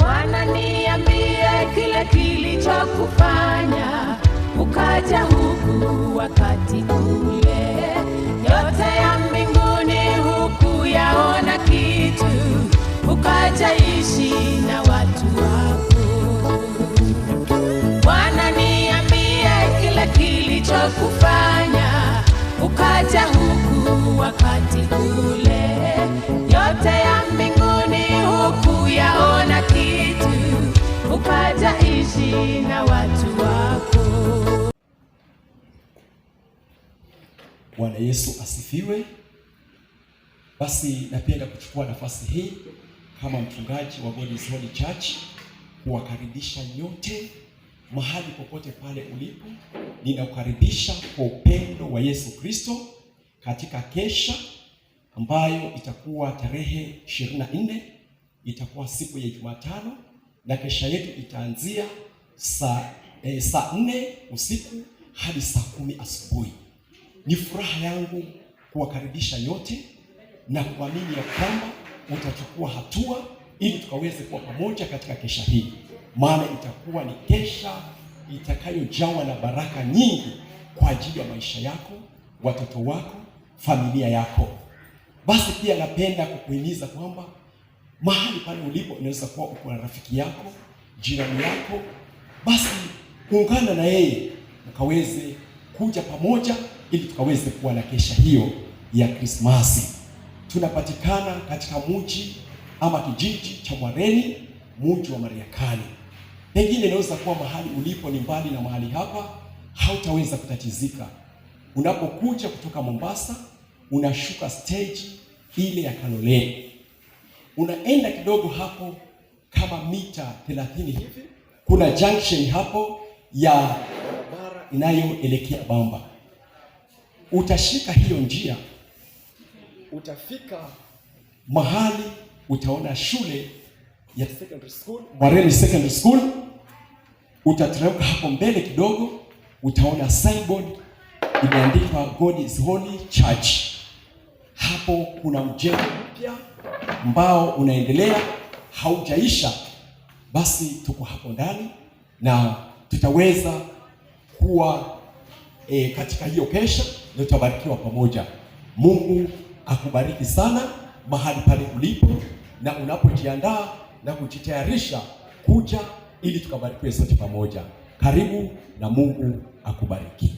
Bwana niambie kile kilichokufanya ukaja huku wakati ule. Yote ya mbinguni hukuyaona kitu ukaja wakati ule, yote ya mbinguni hukuyaona kitu, ukaja ishi na watu wako. Bwana Yesu asifiwe. Basi napenda kuchukua nafasi hii kama mchungaji wa God Holy Church kuwakaribisha nyote mahali popote pale ulipo, ninakukaribisha kwa upendo wa Yesu Kristo katika kesha ambayo itakuwa tarehe ishirini na nne itakuwa siku ya Jumatano, na kesha yetu itaanzia saa e, saa nne usiku hadi saa kumi asubuhi. Ni furaha yangu kuwakaribisha yote na kuamini ya kwamba utachukua hatua ili tukaweze kuwa pamoja katika kesha hii, maana itakuwa ni kesha itakayojawa na baraka nyingi kwa ajili ya maisha yako, watoto wako familia yako. Basi pia napenda kukuhimiza kwamba mahali pale ulipo, unaweza kuwa uko na rafiki yako, jirani yako, basi kuungana na yeye mkaweze kuja pamoja, ili tukaweze kuwa na kesha hiyo ya Krismasi. Tunapatikana katika mji ama kijiji cha Mwareni, mji wa Mariakani. Pengine inaweza kuwa mahali ulipo ni mbali na mahali hapa, hautaweza kutatizika Unapokuja kutoka Mombasa, unashuka stage ile ya Kaloleni, unaenda kidogo hapo kama mita 30 hivi, kuna junction hapo ya barabara inayoelekea Bamba. Utashika hiyo njia, utafika mahali utaona shule ya secondary school, Mwareli Secondary School. Utateremka hapo mbele kidogo, utaona signboard imeandikwa God is Holy Church. Hapo kuna mjengo mpya ambao unaendelea, haujaisha. Basi tuko hapo ndani na tutaweza kuwa e, katika hiyo kesha, na tutabarikiwa pamoja. Mungu akubariki sana mahali pale ulipo na unapojiandaa na kujitayarisha kuja ili tukabarikiwe sote pamoja. Karibu na Mungu akubariki.